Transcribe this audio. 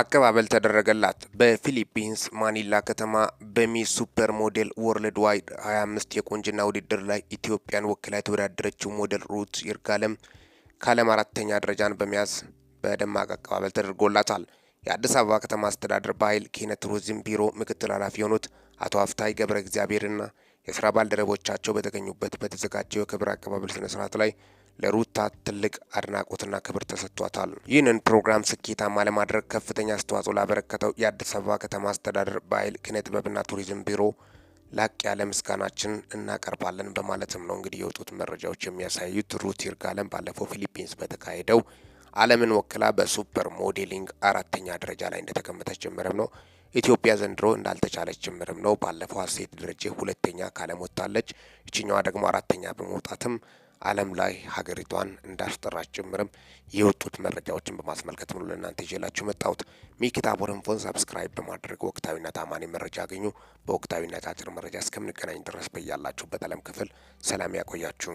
አቀባበል ተደረገላት። በፊሊፒንስ ማኒላ ከተማ በሚስ ሱፐር ሞዴል ወርልድ ዋይድ 25 የቁንጅና ውድድር ላይ ኢትዮጵያን ወክላ የተወዳደረችው ሞዴል ሩት ይርጋለም ከዓለም አራተኛ ደረጃን በመያዝ በደማቅ አቀባበል ተደርጎላታል። የአዲስ አበባ ከተማ አስተዳደር ባህል ኪነ ቱሪዝም ቢሮ ምክትል ኃላፊ የሆኑት አቶ አፍታይ ገብረ እግዚአብሔርና የስራ ባልደረቦቻቸው በተገኙበት በተዘጋጀው የክብር አቀባበል ስነስርዓት ላይ ለሩታ ትልቅ አድናቆትና ክብር ተሰጥቷታል። ይህንን ፕሮግራም ስኬታማ ለማድረግ ከፍተኛ አስተዋጽኦ ላበረከተው የአዲስ አበባ ከተማ አስተዳደር ባህል ኪነ ጥበብና ቱሪዝም ቢሮ ላቅ ያለ ምስጋናችን እናቀርባለን በማለትም ነው እንግዲህ የወጡት መረጃዎች የሚያሳዩት። ሩት ይርጋለም ባለፈው ፊሊፒንስ በተካሄደው ዓለምን ወክላ በሱፐር ሞዴሊንግ አራተኛ ደረጃ ላይ እንደተቀመጠች ጭምርም ነው። ኢትዮጵያ ዘንድሮ እንዳልተቻለች ጭምርም ነው። ባለፈው ሀሴት ደረጀ ሁለተኛ ካለም ወጥታለች። ይችኛዋ ደግሞ አራተኛ በመውጣትም ዓለም ላይ ሀገሪቷን እንዳስጠራች ጭምርም የወጡት መረጃዎችን በማስመልከት ነው ለእናንተ ይዤላችሁ መጣሁት። ሚኪታ ቦረንፎን ሰብስክራይብ በማድረግ ወቅታዊና ታማኒ መረጃ አገኙ። በወቅታዊና አጫጭር መረጃ እስከምንገናኝ ድረስ በያላችሁበት ዓለም ክፍል ሰላም ያቆያችሁ።